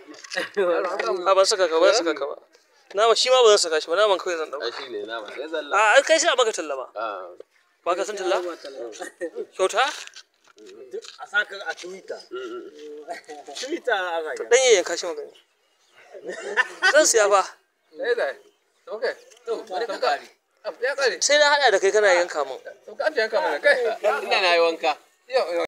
a ba saka ka ba saka ka ba nama shi ma ba zan saka shi ba naman kawai zan dauka shi ne nama sai zalla a kai shi a baka talla ba ba ka san talla kyauta a saka a twitter twitter a ga dan yayin kashi magana zan siya ba eh dai okay to bari ka kare sai na hada da kai kana yanka mun to ka yanka mana kai ina na yi wanka